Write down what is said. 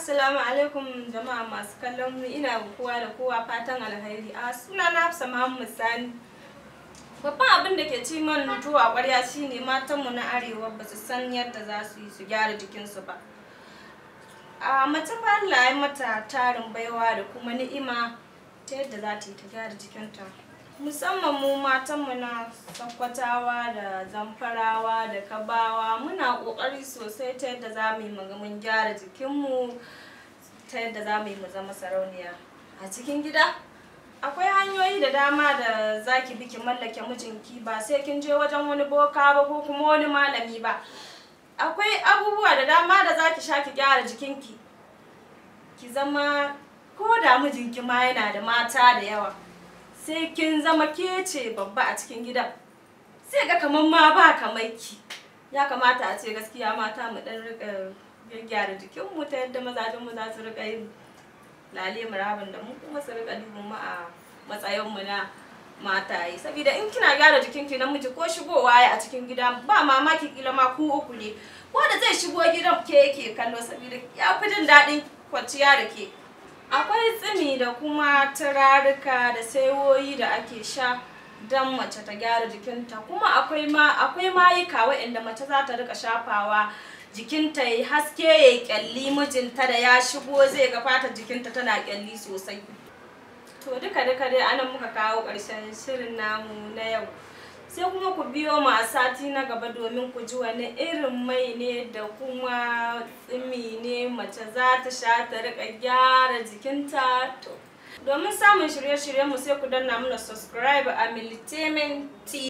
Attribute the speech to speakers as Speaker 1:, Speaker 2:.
Speaker 1: Assalamu alaikum jama'a masu kallon mu ina kowa da kowa fatan alheri a suna na Hafsa Muhammad Sani babban abin da ke ci man nutu a ƙwarya shine mu na arewa ba su san yadda za su yi su gyara jikinsu ba a mace Allah ya mata tarin baiwa da kuma ni'ima ta yadda za ta yi ta gyara jikinta musamman mu matan mu na sakwatawa da zamfarawa da kabawa muna ƙoƙari sosai ta yadda za mu yi magamin gyara jikinmu ta yadda za mu yi mu zama sarauniya a cikin gida akwai hanyoyi da dama da za ki bi ki mallake mijinki ba sai kin je wajen wani boka ba ko kuma wani malami ba akwai abubuwa da dama da za ki sha ki gyara jikinki ki zama ko da mijinki ma yana da mata da yawa sai kin zama kece babba a cikin gidan sai ga kamar ma ba kamar ki ya kamata a ce gaskiya mata mu dan rika gyara jikin mu ta yadda mazajen mu za su rika yin lale murabin da mu kuma su rika dubin mu a matsayin mu na yi saboda in kina gyara jikin ki namiji ko shigowa ya a cikin gida ba mamaki kila ma ku uku ne ko da zai shigo gidan ke yake kallo saboda ya fi jin daɗin kwanciya da ke akwai tsimi da kuma turarika da saiwoyi da ake sha don mace ta gyara jikinta kuma akwai ma akwai mayuka waɗanda mace za ta rika shafawa jikinta ya haske ya kyalli mijinta da ya shigo zai ga fata jikinta tana kyalli sosai to duka duka dai anan muka kawo ƙarshen shirin namu na yau sai kuma ku biyo mu a sati na gaba domin ku ji wani irin mai ne da kuma tsimi ne mace za ta sha ta rika gyara jikinta to domin samun shirye-shiryen mu sai ku danna mana subscribe a militamin tv